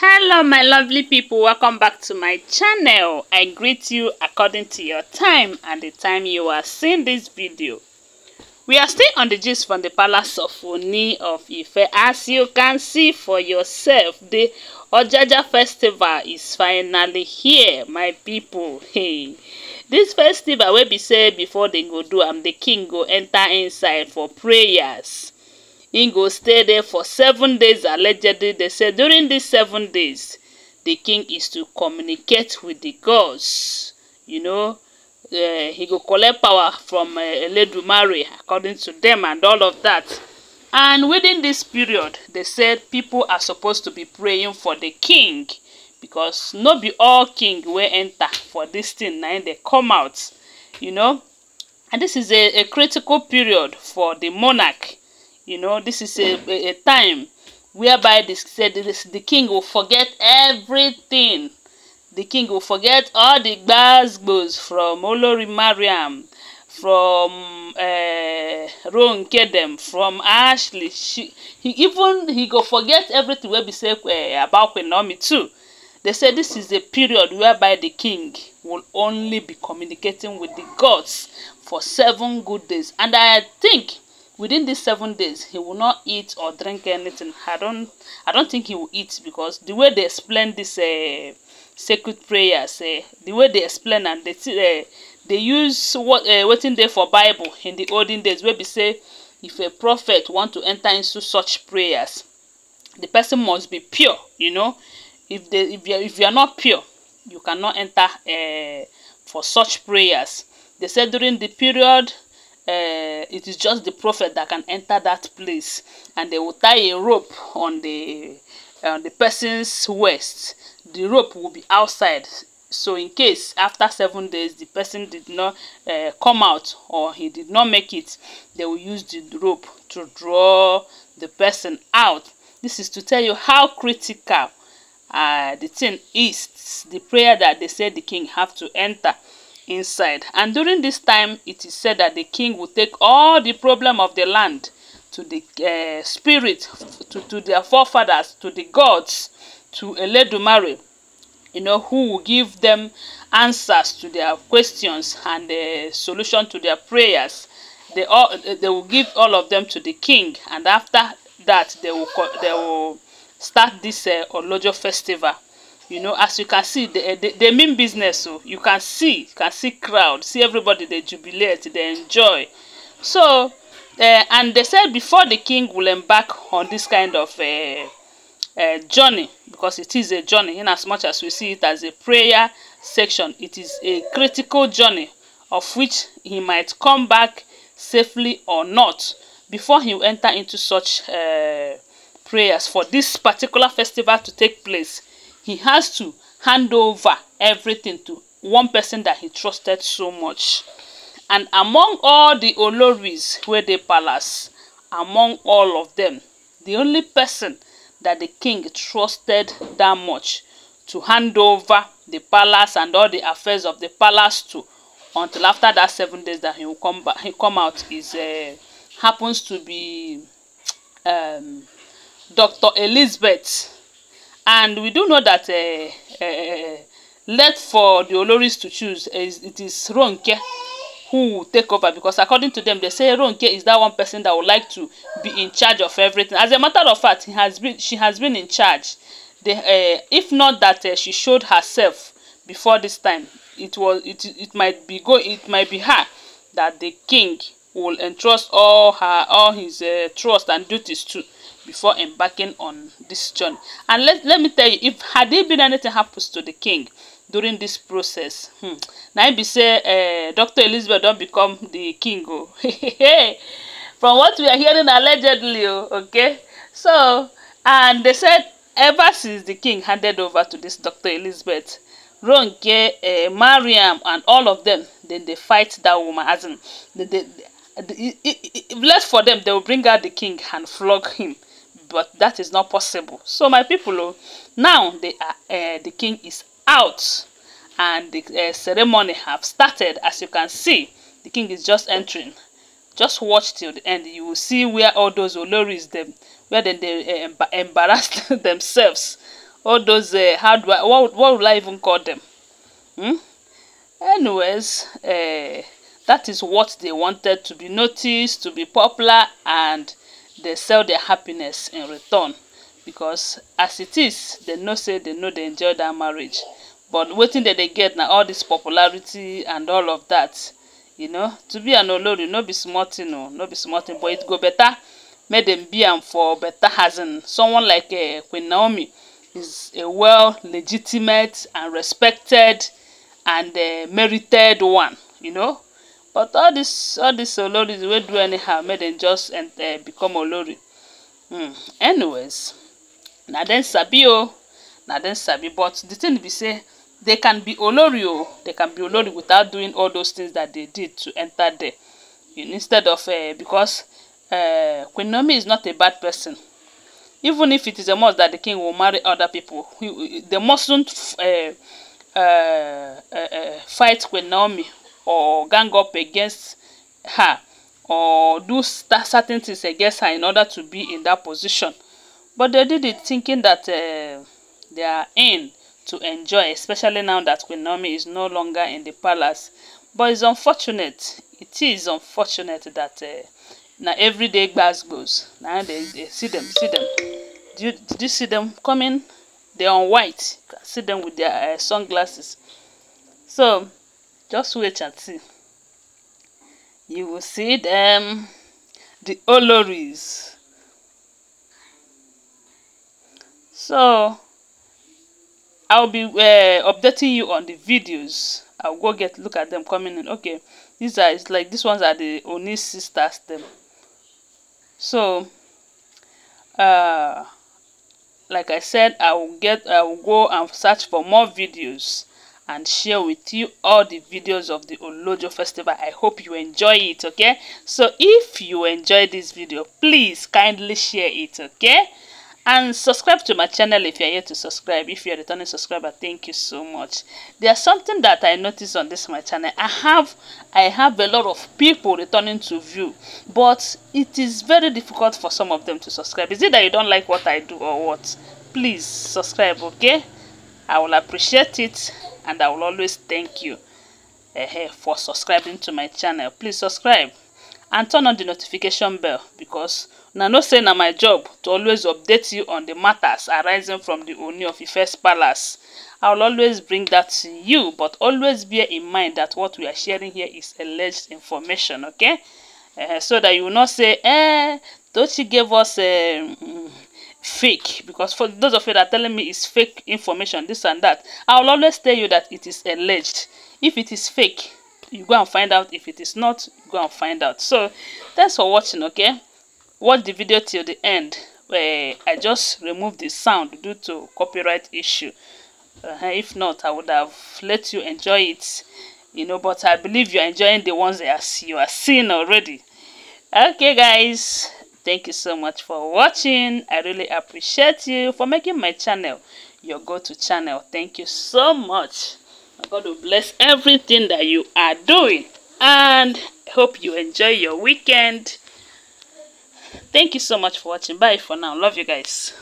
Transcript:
hello my lovely people welcome back to my channel i greet you according to your time and the time you are seeing this video we are still on the gist from the palace of oni of ife as you can see for yourself the ojaja festival is finally here my people hey this festival will be said before they go do am the king go enter inside for prayers He go stay there for seven days, allegedly. They said during these seven days, the king is to communicate with the gods. You know, uh, he go collect power from uh, Eledumare, according to them, and all of that. And within this period, they said people are supposed to be praying for the king because no be all king will enter for this thing na they come out you know and this is a, a critical period for the monarch You know, this is a, a, time whereby they said this, the king will forget everything. The king will forget all the gbasgbos from Olori Mariam, from uh, eh, Ronkedem, from Ashley. She, he even he go forget everything wey be say uh, about Queen too. They said this is a period whereby the king will only be communicating with the gods for seven good days. And I think within these seven days he will not eat or drink anything i don't i don't think he will eat because the way they explain this uh, sacred prayers uh, the way they explain and they uh, they use what uh, waiting there for bible in the olden days where be say if a prophet want to enter into such prayers the person must be pure you know if they if you if you are not pure you cannot enter uh, for such prayers they said during the period uh, it is just the prophet that can enter that place and they will tie a rope on the uh, on the person's waist the rope will be outside so in case after seven days the person did not uh, come out or he did not make it they will use the rope to draw the person out this is to tell you how critical uh, the thing is the prayer that they said the king have to enter inside. And during this time, it is said that the king will take all the problem of the land to the uh, spirit, to, to their forefathers, to the gods, to Eledumare, you know, who will give them answers to their questions and the eh, solution to their prayers. They all eh, they will give all of them to the king, and after that, they will they will start this uh, Olojo festival you know as you can see they, eh, they, they mean business so you can see you can see crowd see everybody they jubilate they enjoy so uh, and they said before the king will embark on this kind of uh, uh, journey because it is a journey in as much as we see it as a prayer section it is a critical journey of which he might come back safely or not before he enter into such uh, prayers for this particular festival to take place he has to hand over everything to one person that he trusted so much. And among all the Oloris where the palace, among all of them, the only person that the king trusted that much to hand over the palace and all the affairs of the palace to until after that seven days that he will come back he come out is uh, happens to be um, dr elizabeth and we do know that uh, eh, uh, eh, left for the Oloris to choose is it is Ronke who will take over because according to them they say Ronke is that one person that would like to be in charge of everything as a matter of fact he has been she has been in charge The uh, if not that uh, she showed herself before this time it was it, it might be go it might be her that the king will entrust all her all his uh, trust and duties to before embarking on this journey. And let, let me tell you, if had there been anything happens to the king during this process, hmm, now be say uh, Dr. Elizabeth don't become the king. Oh. From what we are hearing allegedly, oh, okay? So, and they said ever since the king handed over to this Doctor Elizabeth, Ronke, uh, Mariam, and all of them, then they fight that woman. As in, they, they, left for them they will bring out the king and flog him but that is not possible so my people oh, now they are uh, the king is out and the uh, ceremony have started as you can see the king is just entering just watch till the end you will see where all those oloris them where then they uh, embarrassed themselves all those uh, how do I what, what would I even call them hmm? anyways uh, That is what they wanted to be noticed, to be popular, and they sell their happiness in return. Because as it is, they know say they know they enjoy that marriage. But waiting that they get now all this popularity and all of that, you know, to be an olori, no be smarting, no, oh. no be smarting, but it go better. Make them be and for better housing. Someone like uh, Queen Naomi is a well legitimate and respected and uh, merited one, you know, But all this all this Oloris will do anyhow make them just uh, become Olori. Hmm. Anyways, now then sabi o. Na dem sabi. But the thing be say they can be Olori o. They can be Olori without doing all those things that they did to enter there. Instead of uh, because uh, Queen Nomi is not a bad person. Even if it is a must that the king will marry other people, he, they mustn't uh, uh, uh, fight Queen Naomi or gang up against her or do certain things against her in order to be in that position. But they did it thinking that uh, they are in to enjoy, especially now that Queen Naomi is no longer in the palace. But it's unfortunate. It is unfortunate that uh, eh, now everyday goes. Now they, they see them, see them. Do you, did you see them coming? They're on white. See them with their uh, sunglasses. So Just wait and see. You will see them, the olories. So, I'll be uh, updating you on the videos. I'll go get look at them coming in. Okay, these are it's like these ones are the only sisters them. So, uh, like I said, I will get I will go and search for more videos and share with you all the videos of the Olojo festival. I hope you enjoy it, okay? So if you enjoy this video, please kindly share it, okay? And subscribe to my channel if you are yet to subscribe. If you're a returning subscriber, thank you so much. There's something that I noticed on this my channel. I have I have a lot of people returning to view, but it is very difficult for some of them to subscribe. Is it that you don't like what I do or what? Please subscribe, okay? I will appreciate it and I will always thank you uh, for subscribing to my channel. Please subscribe and turn on the notification bell because na no say na my job to always update you on the matters arising from the Ooni of Ife's palace. I will always bring that to you but always bear in mind that what we are sharing here is alleged information okay uh, so that you will not say eh Tochi gave us a. Um, uh, fake because for those of you that are telling me it's fake information this and that i will always tell you that it is alleged if it is fake you go and find out if it is not go and find out so thanks for watching okay watch the video till the end where i just removed the sound due to copyright issue uh, if not i would have let you enjoy it you know but i believe you're enjoying the ones that you are seeing already okay guys thank you so much for watching i really appreciate you for making my channel your go-to channel thank you so much god will bless everything that you are doing and hope you enjoy your weekend thank you so much for watching bye for now love you guys